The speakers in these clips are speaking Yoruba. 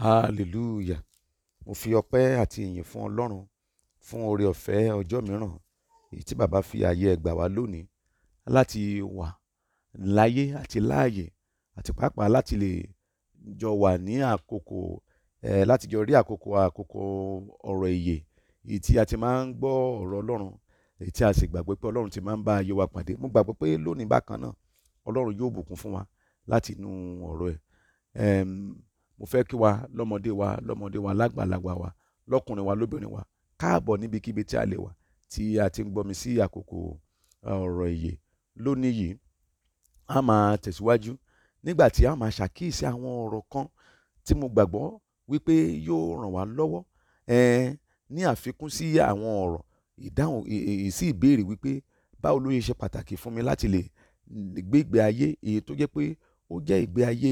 hallelujah mo fi ọpẹ́ àti ìyìn fún ọlọ́run fún oore ọ̀fẹ́ ọjọ́ mìíràn èyí tí bàbá fi ààyè ẹgbà wá lónìí láti wà láyé àti láàyè àti pàápàá láti lè jọ wà ní àkókò ẹ láti jọ rí àkókò àkókò ọ̀rọ̀ ìyè èyí tí a ti máa ń gbọ́ ọ̀rọ̀ ọlọ́run èyí tí a sì gbàgbé pé ọlọ́run ti máa ń bá ayé wa pàdé mo gbàgbé pé lónìí bákan náà ọlọ́run yóò bùkún fún wa láti inú ọ̀rọ̀ ẹ̀ mo fẹ́ kí wa lọ́mọdé wa lọ́mọdé wa lágbàlagbà wa lọ́kùnrin wa lóbìnrin wa káàbọ̀ níbikíbi tí a lè wà tí a ti ń gbọ́mi sí àkókò ọ̀rọ̀ ìyè lónìí yìí a máa tẹ̀síwájú nígbà tí a máa ṣàkíyèsí àwọn ọ̀rọ̀ kan tí mo gbàgbọ́ wípé yóò ràn wá lọ́wọ́ ẹ̀ẹ́n ní àfikún sí àwọn ọ̀rọ̀ ìdáhùn ìsí ìbéèrè wípé báwo ló ṣe pàtàkì fún mi láti lè gbé ìgbé ayé èyí tó jẹ́ pé ó jẹ́ ìgbé ayé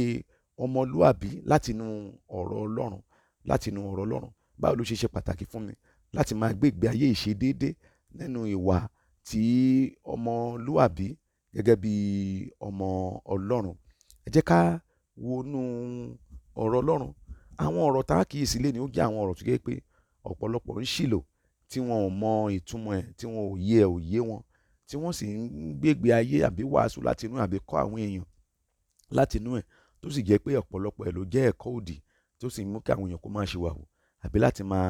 ọmọlúàbí látinú ọ̀rọ̀ Ọlọ́run látinú ọ̀rọ̀ Ọlọ́run báwo ló ṣe ṣe pàtàkì fún mi láti máa gbé ìgbé ayé ìṣedéédé nínú ìwà tí ọmọlúàbí gẹ́gẹ́ bí ọmọ Ọlọ́run ẹ jẹ́ ká wọnú ọ̀rọ̀ Ọlọ́run àwọn ọ̀rọ̀ tá a kì í sí lé ní ó jẹ́ àwọn ọ̀rọ̀ tó jẹ́ pé ọ̀pọ̀lọpọ̀ ń ṣìlò tí wọn ò mọ ìtumọ̀ ẹ̀ tí wọn ò yé ò yé wọn tí wọ́n sì ń gbégbé ayé àbí wàásù látinú àbí kọ́ àwọn èèyàn látinú ẹ̀ tó sì jẹ́ pé ọ̀pọ̀lọpọ̀ ẹ̀ ló jẹ́ ẹ̀kọ́ òdì tó sì mú kí àwọn èèyàn kó máa ṣe wàhù àbí láti máa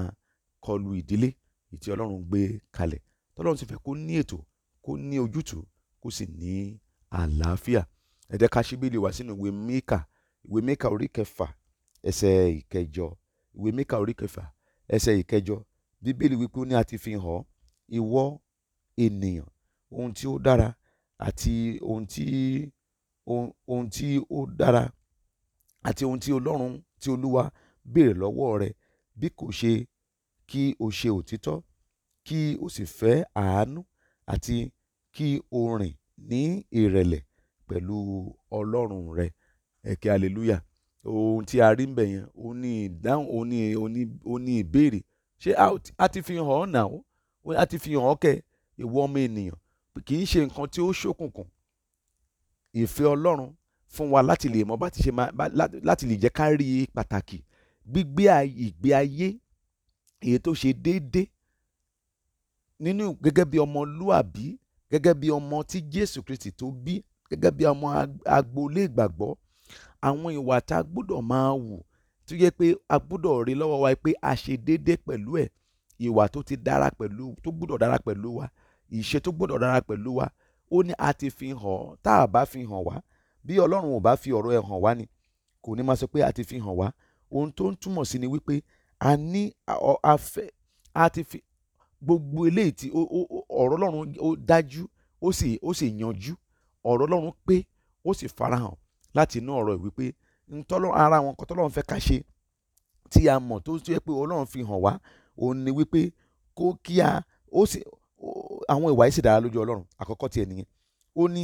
kọlu ìdílé ìtí ọlọ́run gbé kalẹ̀ tọ́lọ́run ti fẹ́ kó ní ètò kó ní ojútùú kó sì ní àlàáfíà ẹ jẹ́ ká ṣí Bíbélì wá sínú ìwé Míkà ìwé Míkà orí kẹfà ẹsẹ̀ ìkẹjọ ìwé Míkà orí kẹfà ẹsẹ̀ ìkẹjọ bíbélì wípé ó ní a fi hàn ìwọ ènìyàn ohun tí ó dára àti ohun tí ó dára àti ohun tí ọlọ́run tí olúwa béèrè lọ́wọ́ rẹ bí kò ṣe kí o ṣe òtítọ́ kí o sì fẹ́ àánú àti kí o rìn ní ìrẹ̀lẹ̀ pẹ̀lú ọlọ́run rẹ ẹ̀kẹ́ hallelujah ohun tí a rí ń bẹ̀ yẹn ó ní ìdáhùn ó ní ó ní ìbéèrè ṣé a ti fi hàn ọ́ nà ó a ti fi hàn ọ́ kẹ́ ìwọ ọmọ ènìyàn kì í ṣe nǹkan tí ó ṣókùnkùn ìfẹ́ ọlọ́run fún wa láti lè mọ bá ti ṣe máa láti lè jẹ́ ká rí pàtàkì gbígbé ìgbé ayé èyí tó ṣe déédé nínú gẹ́gẹ́ bí ọmọlúàbí gẹ́gẹ́ bí ọmọ tí Jésù Kristi tó bí gẹ́gẹ́ bí ọmọ agboolé ìgbàgbọ́ àwọn ìwà tá a gbọ́dọ̀ máa wù tó yẹ pé a gbọ́dọ̀ rí lọ́wọ́ wa pé a ṣe déédé pẹ̀lú ẹ̀ ìwà tó ti dára pẹ̀lú tó gbọ́dọ̀ dára pẹ̀lú wa ìṣe tó gbọ́dọ̀ dára pẹ̀lú wa ó ní a ti fi hàn tá a bá fi hàn wá bí ọlọ́run ò bá fi ọ̀rọ̀ ẹ̀ hàn wá ni kò ní máa sọ pé a ti fi hàn wá ohun tó ń túmọ̀ sí ni wípé a ní a fẹ́ a ti fi gbogbo eléyìí tí ọ̀rọ̀ ọlọ́run ó dájú ó sì ó sì yanjú ọ̀rọ̀ ọlọ́run pé ó sì farahàn láti inú ọ̀rọ̀ ẹ̀ wípé ntọ́lọ́ ara wọn kọ́tọ́lọ́run fẹ́ ká ṣe tí a mọ̀ tó tó pé ọlọ́run fi hàn wá òun ni wípé kó kí a ó sì àwọn ìwà yìí sì dára lójú ọlọ́run àkọ́kọ́ tiẹ̀ nìyẹn ó ní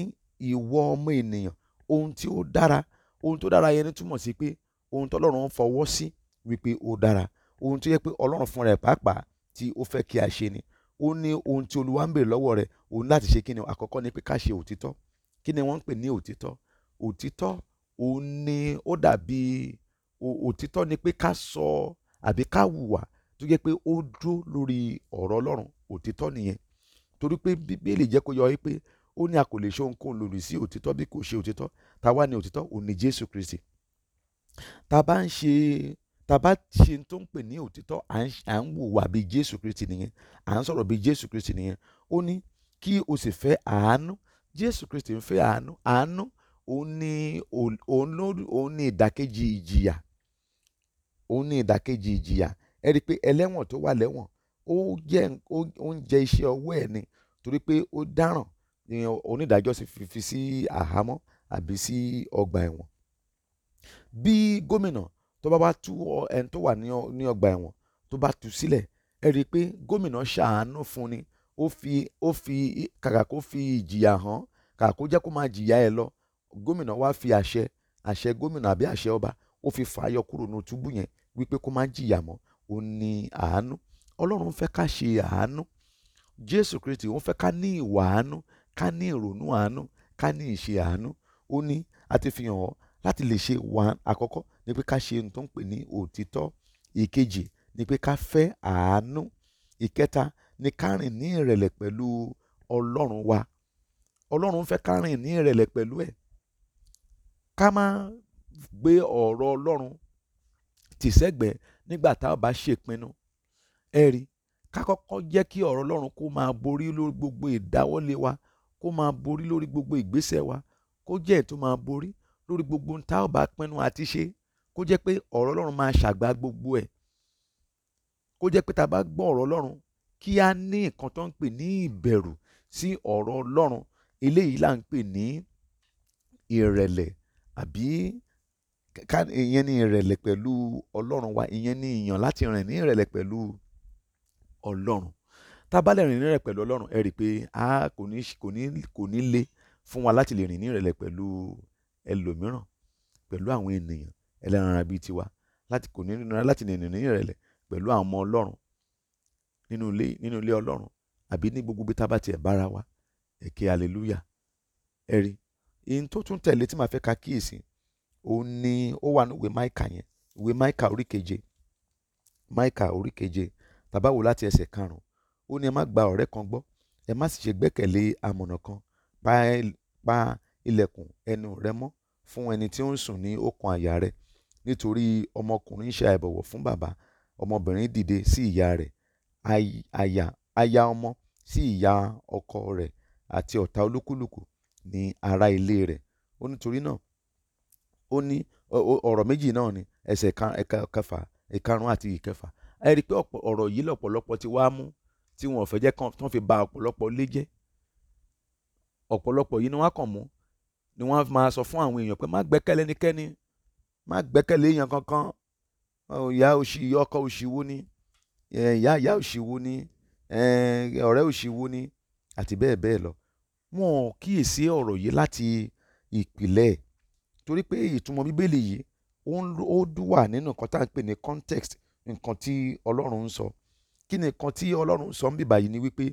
ìwọ ọmọ ènìyàn ohun tí ó dára ohun tó dára yẹn ní túmọ̀ sí pé ohun tó ọlọ́run ń fọwọ́ sí wípé ó dára ohun tó yẹ pé ọlọ́run fúnra ẹ̀ pàápàá tí ó fẹ́ kí a ṣe ni ó ní ohun tí olúwa ń béèrè lọ́wọ́ rẹ̀ òun láti ṣe kí ni àkọ́kọ́ ni pé ká ṣe òtítọ́ kí ni wọ́n ń pè ní òtítọ́ òtítọ́ òun ni ó dàbí òtítọ́ ni pé ká sọ àbí ká hùwà tó yẹ pé ó dúró lórí ọ̀rọ̀ ọlọ́run òtítọ́ nìyẹn torí pé bíbélì jẹ́ kó yọ wípé ó ní a kò lè ṣe ohunkóhun lòdì sí òtítọ́ bí kò ṣe òtítọ́ ta wá ní òtítọ́ òní Jésù Kristi ta bá ń ṣe ta bá ṣe tó ń pè ní òtítọ́ à ń wùwà bí Jésù Kristi nìyẹn à ń sọ̀rọ̀ bí Jésù Kristi nìyẹn ó ní kí o sì fẹ́ àánú Jésù Kristi ń fẹ́ àánú àánú òun ni òun ni ìdàkejì ìjìyà òun ni ìdàkejì ìjìyà ẹ rí i pé ẹlẹ́wọ̀n tó wà lẹ́wọ̀n ó ń jẹ iṣẹ́ ọwọ́ ẹ̀ ni torí pé ó dáràn onídàájọ́ sì fi sí àhámọ́ àbí sí ọgbà ẹ̀wọ̀n bí gómìnà tó bá bá tú ẹni tó wà ní ọgbà ẹ̀wọ̀n tó bá tú sílẹ̀ ẹ rí i pé gómìnà ṣàánú fún ni ó fi ó fi kàkà kó fi ìjìyà hàn kàkà kó jẹ́ kó máa jìyà ẹ lọ gómìnà wá fi àṣẹ àṣẹ gómìnà àbí àṣẹ ọba ó fi fàáyọ kúrò ní túbú yẹn wípé kó má jìyà mọ́ ó ní àánú ọlọ́run fẹ́ ká ṣe àánú jésù kristi ó fẹ́ ká ní ìwà àánú ká ní ìrònú àánú ká ní ìṣe àánú ó ní a ti fi hàn ọ́ láti lè ṣe one àkọ́kọ́ ni pé ká ṣe ohun tó ń pè ní òtítọ́ ìkejì ni pé ká fẹ́ àánú ìkẹta ni ká rìn ní ìrẹ̀lẹ̀ pẹ̀lú ọlọ́run wa ọlọ́run fẹ́ ká rìn ní ìrẹ̀lẹ̀ pẹ̀lú ẹ̀ ká má gbé ọ̀rọ̀ ọlọ́run tì sẹ́gbẹ̀ẹ́ nígbà tá a bá ṣèpinnu ẹ ká kọ́kọ́ jẹ́ kí ọ̀rọ̀ ọlọ́run kó máa borí lórí gbogbo ìdáwọ́lé wa kó máa borí lórí gbogbo ìgbésẹ̀ wa kó jẹ́ ẹ̀ tó máa borí lórí gbogbo ohun tá ò bá pinnu àti ṣe kó jẹ́ pé ọ̀rọ̀ ọlọ́run máa ṣàgbá gbogbo ẹ̀ kó jẹ́ pé tá a bá gbọ́ ọ̀rọ̀ ọlọ́run kí a ní nǹkan tó ń pè ní ìbẹ̀rù sí ọ̀rọ̀ ọlọ́run eléyìí là ń pè ní ìrẹ̀lẹ̀ àbí ìyẹn ní ìrẹ̀lẹ̀ pẹ̀lú ọlọ́run wa ìyẹn ní ìyàn láti rìn ní ìrẹ̀lẹ̀ pẹ̀lú ọlọ́run tá a bá lè rìn ní ìrẹ̀lẹ̀ pẹ̀lú ọlọ́run ẹ rí i pé a kò ní kò ní kò ní le fún wa láti lè rìn ní ìrẹ̀lẹ̀ pẹ̀lú ẹlòmíràn pẹ̀lú àwọn ènìyàn ẹlẹ́ran bíi tiwa láti kò ní nira láti lè rìn ní ìrẹ̀lẹ̀ pẹ̀lú àwọn ọmọ ọlọ́run nínú ilé ọlọ́run àbí ní gbogbo bí tá a bára wa èké hallelujah ẹ rí ihun tó tún tẹ̀lé tí màá fẹ́ ka kíyèsí òun ni ó wà ní ìwé máìkà yẹn ìwé máìkà oríkeje máìkà oríkeje tàbá láti ẹsẹ̀ karùn-ún ó ní ẹ má gba ọ̀rẹ́ kan gbọ́ ẹ má sì ṣe gbẹ́kẹ̀lé amọ̀nà kan pa ilẹ̀kùn ẹnu rẹ mọ́ fún ẹni tí ó ń sùn ní okùn àyà rẹ nítorí ọmọkùnrin ṣe àìbọ̀wọ̀ fún bàbá ọmọbìnrin dìde sí ìyá rẹ̀ aya ọmọ sí ìyá ọkọ rẹ̀ àti ọ̀tá olúkúlùkù ní ará ilé rẹ̀ ó nítorí náà ó ní ọ̀rọ̀ méjì náà ni ẹsẹ̀ ẹ̀ka ẹ̀ka kẹfà ẹ̀karùn-ún àti ìkẹfà ẹ rí i pé ọ̀rọ̀ yìí lọ́pọ̀lọpọ̀ ti wá mú tí wọn ò fẹ́ jẹ́ kàn tí wọ́n fi ba ọ̀pọ̀lọpọ̀ ilé jẹ́ ọ̀pọ̀lọpọ̀ yìí ni wọ́n kàn mú ni wọ́n máa sọ fún àwọn èèyàn pé má gbẹ́kẹ̀lé ẹnikẹ́ni má gbẹ́kẹ̀lé èèyàn kankan ìyá òṣì ọkọ òṣì wo ni ìyá ìyá òṣì wo ni ọ̀rẹ́ òṣì wo ni àti bẹ́ẹ̀ bẹ́ẹ̀ lọ wọn ò kíyèsí ọ̀rọ̀ yìí láti ìpìlẹ̀ torí pé ìtumọ̀ bíbélì yìí ó wà nínú nǹkan tá à ń pè ní context nǹkan tí ọlọ́run ń sọ. So kí ni nǹkan tí ọlọ́run sọ ń bì báyìí ni wípé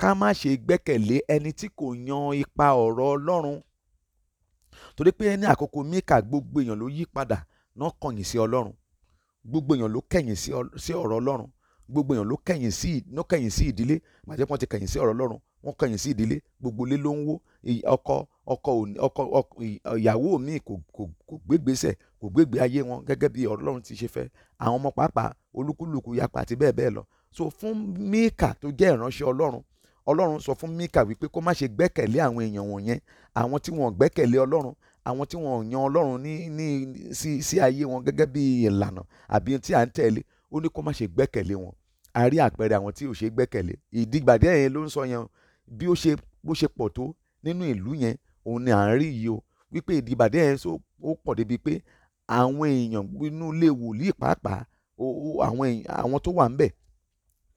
ká má ṣe gbẹ́kẹ̀lé ẹni tí kò yan ipa ọ̀rọ̀ ọlọ́run torí pé ní àkókò Míkà gbogbo èèyàn ló yí padà náà kọ̀yìn sí ọlọ́run gbogbo èèyàn ló kẹ̀yìn sí ọ̀rọ̀ ọlọ́run gbogbo èèyàn ló kẹ̀yìn sí ló kẹ̀yìn sí ìdílé màjẹ́ pọ́n ti kẹ̀yìn sí ọ̀rọ̀ ọlọ́run wọ́n kẹ̀yìn sí ìdílé gbogbo ilé ló ń wó ọkọ ọkọ ọkọ ìyàwó mi kò gbégbèsè kò gbégbé ayé wọn gẹ́gẹ́ bí ọ̀rọ̀ ọlọ́run ti ṣe fẹ́ àwọn ọmọ pàápàá olúkúlùkù yapa àti bẹ́ẹ̀ bẹ́ẹ̀ lọ so fún Míkà tó jẹ́ ìránṣẹ́ ọlọ́run ọlọ́run sọ fún Míkà wípé kó má ṣe gbẹ́kẹ̀lé àwọn èèyàn wọ̀nyẹn àwọn tí wọ́n gbẹ́kẹ̀lé ọlọ́run àwọn tí wọ́n yan ọlọ́run ní ní sí sí ayé wọn gẹ́gẹ́ bí ìlànà àbí tí à ń tẹ̀lé ó ní kó má ṣe gbẹ́kẹ̀lé wọn a rí àpẹẹrẹ àwọn tí ò ṣe gbẹ́kẹ̀lé ìdígbàdé yẹn ló ń sọ yẹn bí ó ṣe bó ṣe pọ̀ tó nínú ìlú yẹn òun ni à ń rí yìí o wípé ìdígbàdé yẹn ó pọ̀ débi pé àwọn èèyàn inú ilé wòlíì pàápàá àwọn tó wà ń bẹ̀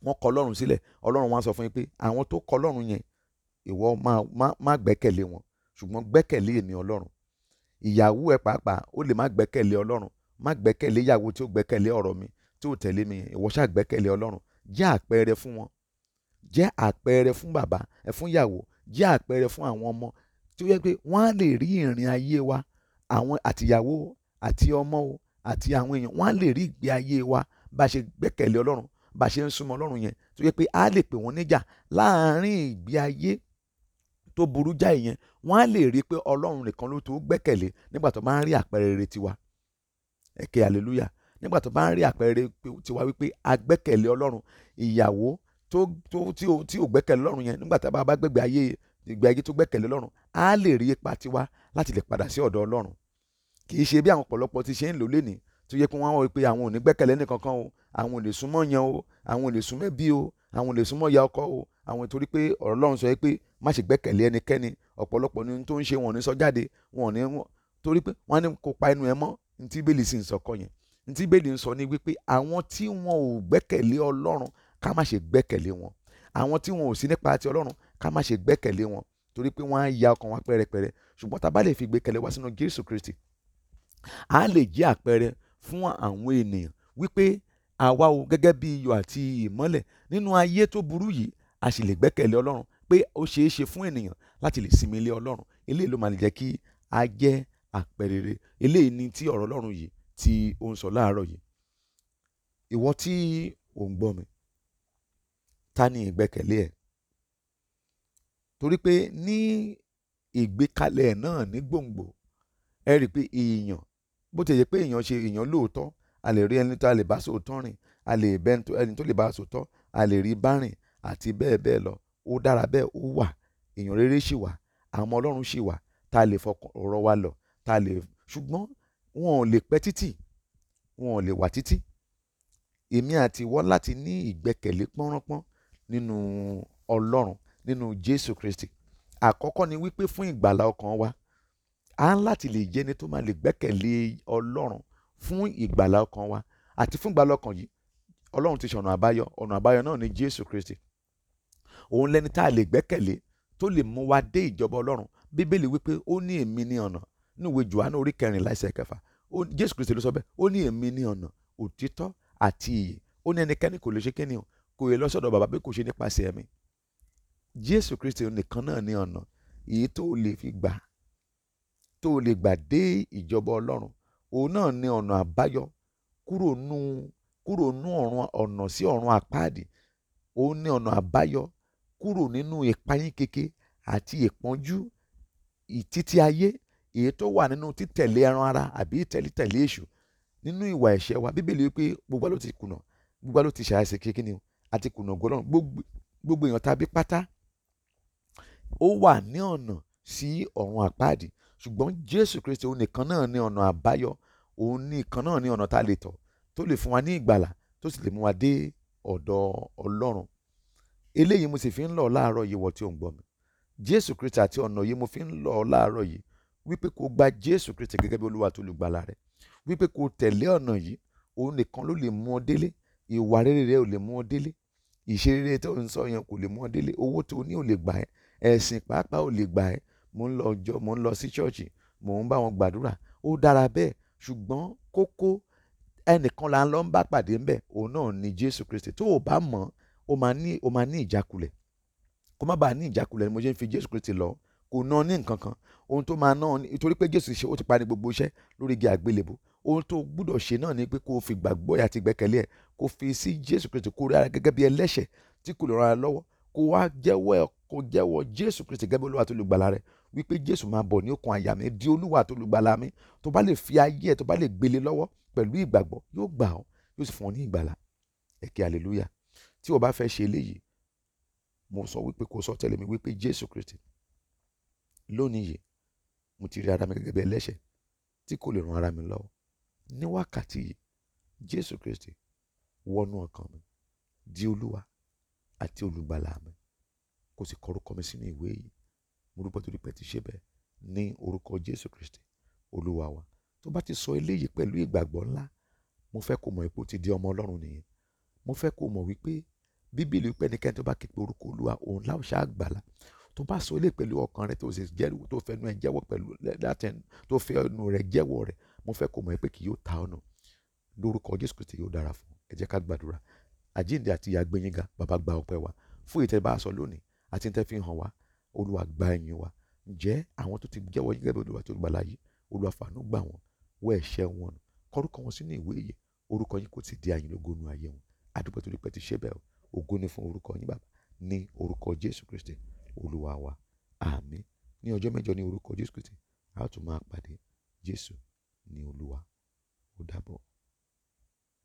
wọ́n kọ ọlọ́run sílẹ̀ ọlọ́run wọn á sọ fún yín pé àwọn tó kọ ọlọ́run yẹn ìwọ máa má gbẹ́kẹ̀lé wọn ṣùgbọ́n gbẹ́kẹ̀lé èmi ọlọ́run ìyàwó ẹ pàápàá ó lè má gbẹ́kẹ̀lé ọlọ́run má gbẹ́kẹ̀lé ìyàwó tí ó gbẹ́kẹ̀lé ọ̀rọ̀ mi tí ó tẹ̀lé mi ìwọ ṣáà gbẹ́kẹ̀lé ọlọ́run jẹ́ àpẹẹrẹ fún wọn jẹ́ àpẹẹrẹ fún bàbá ẹ fún ìyàwó jẹ́ àpẹẹrẹ fún àwọn ọmọ tí ó yẹ pé wọ́n á lè rí ìrìn ayé wa àwọn àtìyàwó àti ọmọ o àti àwọn èèyàn wọ́n á lè rí ìgbé ayé wa bá a ṣe gbẹ́kẹ̀lé ọlọ́run bá a ṣe ń súnmọ́ ọlọ́run yẹn tó yẹ pé a lè pè wọ́n níjà láàárín ìgbé ayé tó burú jáì yẹn wọ́n á lè rí i pé ọlọ́run nìkan ló tó gbẹ́kẹ̀lé nígbà tó bá ń rí àpẹẹrẹ rere tiwa ẹ̀kẹ́ hallelujah nígbà tó bá ń rí àpẹẹrẹ tiwa wípé a gbẹ́kẹ̀lé ọlọ́run ìyàwó tó tó tí ò tí ò gbẹ́kẹ̀lé ọlọ́run yẹn nígbà tá a bá gbẹ̀gbẹ̀ ayé ìgbé ayé tó gbẹ́kẹ̀lé ọlọ́run á lè rí ipa tiwa láti lè padà sí ọ̀dọ̀ ọlọ́run kì í ṣe bí àwọn ọ̀pọ̀lọpọ̀ ti ṣe ń lò lénìí tó yẹ pé wọ́n á wọ̀ pé àwọn ò ní gbẹ́kẹ̀lé nìkankan o àwọn ò lè súnmọ́ yan o àwọn ò lè súnmọ́ ẹbí o àwọn ò lè súnmọ́ ya ọkọ o àwọn torí pé ọ̀rọ̀ Ọlọ́run sọ pé má ṣe gbẹ́kẹ̀lé ẹnikẹ́ni ọ̀pọ̀lọpọ̀ ni tó ń ṣe wọn ò ní sọ jáde wọn ò ní torí pé wọ́n á ní kó pa ẹnu ẹ mọ́ ní tí bẹ́ẹ̀lì sì ń sọ kọ yẹn ní tí bẹ́ẹ̀lì ń sọ ní wípé àwọn tí wọn ò gbẹ́kẹ̀lé Ọlọ́run ká má ṣe gbẹ́kẹ̀lé wọn àwọn tí wọn ò sí nípa ti Ọlọ́run ká má ṣe gbẹ́kẹ̀lé wọn torí pé wọ́n á ya ọkàn wa pẹ́rẹpẹ́rẹ ṣùgbọ́n tá a bá lè fi gbẹ́kẹ̀lé wa sínú Jésù Kristi a lè jẹ́ àpẹẹrẹ fún àwọn ènìyàn wípé àwa o gẹ́gẹ́ bí iyọ̀ àti ìmọ́lẹ̀ nínú ayé tó burú yìí a sì lè gbẹ́kẹ̀lé ọlọ́run pé ó ṣeé ṣe fún ènìyàn láti lè sinmi ilé ọlọ́run eléyìí ló máa lè jẹ́ kí a jẹ́ àpẹrẹrẹ eléyìí ni tí ọ̀rọ̀ ọlọ́run yìí tí ó ń sọ láàárọ̀ yìí ìwọ tí ò ń gbọ́ mi ta ni ìgbẹ́kẹ̀lé ẹ̀ torí pé ní ìgbékalẹ̀ náà ní gbòǹgbò ẹ rí i pé èèyàn bó ti yẹ pé èèyàn ṣe èèyàn lóòótọ́ a lè rí ẹni tó a lè bá sòótọ́ rìn a lè bẹ ẹni tó lè bá sòótọ́ a lè rí bá rìn àti bẹ́ẹ̀ bẹ́ẹ̀ lọ ó dára bẹ́ẹ̀ ó wà èèyàn rere ṣì wà àmọ́ ọlọ́run ṣì wà tá a lè fọkàn ọ̀rọ̀ wa lọ tá a lè ṣùgbọ́n wọn ò lè pẹ́ títì wọn ò lè wà títì èmi àti ìwọ láti ní ìgbẹ́kẹ̀lé pọ́nrọ́pọ́n nínú ọlọ́run nínú Jésù Kristi àkọ́kọ́ ni wípé fún ìgbàlá ọkàn wa a ń láti lè jẹ́ ẹni tó máa lè gbẹ́kẹ̀lé ọlọ́run fún ìgbàlá ọkàn wa àti fún ìgbàlá ọkàn yìí ọlọ́run ti ṣọ̀nà àbáyọ ọ̀nà àbáyọ náà ni jésù kristi òun lẹni tá a lè gbẹ́kẹ̀lé tó lè mú wa dé ìjọba ọlọ́run bíbélì wípé ó ní èmi ní ọ̀nà níwèé jùhánù orí kẹrìnlá ẹsẹ̀ kẹfà jésù kristi ló sọ bẹ́ẹ̀ ó ní èmi ní ọ̀nà òtítọ́ àti ìyè ó ní ẹnikẹ́ni kò lè ṣe kíni o kò yẹ lọ́sọ̀dọ̀ bàbá bí kò ṣe nípasẹ̀ ẹ̀mí jésù kristi nìkan náà ní ọ̀nà èyí tó lè fi gbà tó o lè gbà dé ìjọba ọlọ́run òun náà ni ọ̀nà àbáyọ kúrò nú kúrò nú ọ̀run ọ̀nà sí ọ̀run àpáàdì òun ni ọ̀nà àbáyọ kúrò nínú ìpayín keke àti ìpọ́njú ìtítí ayé èyí tó wà nínú títẹ̀lé ẹran ara àbí tẹ̀lítẹ̀lé èṣù nínú ìwà ẹ̀ṣẹ̀ wa bíbélì wípé gbogbo ló ti kùnà gbogbo ló ti ṣàìsàn kékeré ni àti kùnà gbọ́dọ̀ gbogbo èèyàn tàbí pátá ó wà ní ọ̀nà sí ọ̀run àpáàdì ṣùgbọ́n jésù kristi òun nìkan náà ní ọ̀nà àbáyọ òun nìkan náà ní ọ̀nà tá a lè tọ̀ tó lè fún wa ní ìgbàlà tó sì lè mú wa dé ọ̀dọ̀ ọlọ́run eléyìí mo sì fi ń lọ láàárọ̀ yìí wọ tí ò ń gbọ́ mi jésù kristi àti ọ̀nà yìí mo fi ń lọ láàárọ̀ yìí wípé kó gba jésù kristi gẹ́gẹ́ bí olúwa tó lù gbàlà rẹ wípé kó tẹ̀lé ọ̀nà yìí òun nìkan ló lè mú ọ délé ìwà rere rẹ ò mò ń lọ jọ mò ń lọ sí ṣọ́ọ̀ṣì mò ń bá wọn gbàdúrà ó dára bẹ́ẹ̀ ṣùgbọ́n kókó ẹnìkan là ń lọ ń bá pàdé ńbẹ òun náà ni Jésù Kristi tó o bá mọ̀ o máa ní o máa ní ìjákulẹ̀ kó má bàa ní ìjákulẹ̀ ni mo ṣe ń fi Jésù Kristi lọ kò ná ní nǹkan kan ohun tó máa ná ni torí pé Jésù ṣe ó ti parí gbogbo iṣẹ́ lórí igi àgbélébùú ohun tó gbúdọ̀ ṣe náà ni pé kó o fi gbàgbọ́ àti ìgbẹ́kẹ̀lé ẹ̀ kó o fi sí Jésù Kristi kó o rí ara gẹ́gẹ́ bí ẹlẹ́ṣẹ̀ tí kò lè ràn án lọ́wọ́ kó o wá jẹ́wọ́ Jésù Kristi gẹ́gẹ́ bí olúwa tó lùgbàlà rẹ̀ wípé jésù máa bọ̀ ní okùn àyà mi di olúwa àti olùgbàlà mi tó bá lè fi ayé ẹ tó bá lè gbélé lọ́wọ́ pẹ̀lú ìgbàgbọ́ yóò gbà ọ́ yóò sì fún ọ ní ìgbàlà ẹ̀kẹ́ hallelujah tí o bá fẹ́ ṣe eléyìí mo sọ wípé kò sọ tẹ̀lé mi wípé jésù kristi lónìí yìí mo ti rí ara mi gẹ́gẹ́ bí ẹlẹ́ṣẹ̀ tí kò lè ran ara mi lọ́wọ́ ní wákàtí yìí jésù kristi wọnú ọkàn mi di olúwa àti olùgbàlà mi kò sì kọ mi sínú ìwé yìí mo dúpẹ́ torí pé ti ṣe bẹ́ẹ̀ ní orúkọ Jésù Kristi olúwa wa tó bá ti sọ eléyìí pẹ̀lú ìgbàgbọ́ ńlá mo fẹ́ kó mọ̀ ipò ti di ọmọ Ọlọ́run nìyẹn mo fẹ́ kó mọ̀ wípé bíbélì wípé ẹnikẹ́ni tó bá képe orúkọ olúwa òun láòṣà àgbàlá tó bá sọ eléyìí pẹ̀lú ọkàn rẹ tó sì jẹ́rìí tó fẹ́ ẹnu ẹ jẹ́wọ́ pẹ̀lú láti ẹnu tó fẹ́ ẹnu rẹ jẹ́wọ́ rẹ mo fẹ́ kó mọ̀ pé kì yóò ta ọ̀nà lórúkọ Jésù Kristi yóò dára fún ẹ jẹ́ ká gbàdúrà àjíǹde àti ìyá gbẹ̀yìngà bàbá gba ọpẹ́ wa fún ìtẹ́ bá a sọ lónìí àti ìtẹ́ fi hàn wá olúwa gba ẹ̀yìn wa ǹjẹ́ àwọn tó ti jẹ́wọ́ gẹ́gẹ́ bí olúwa tó gbà láyé olúwa fàánú gbà wọ́n wọ ẹ̀ṣẹ̀ wọn nù kọ́rúkọ wọn sínú ìwé ìyè orúkọ yín kò ti di àyìn lógo nu ayé wọn àdúgbò tó dípẹ́ ti ṣe bẹ́ẹ̀ ògo ni fún orúkọ yín bàbá ní orúkọ jésù kristi olúwa wa àmín ní ọjọ́ mẹ́jọ ní orúkọ jésù kristi a ó tún máa pàdé jésù ní olúwa ó dàbọ̀.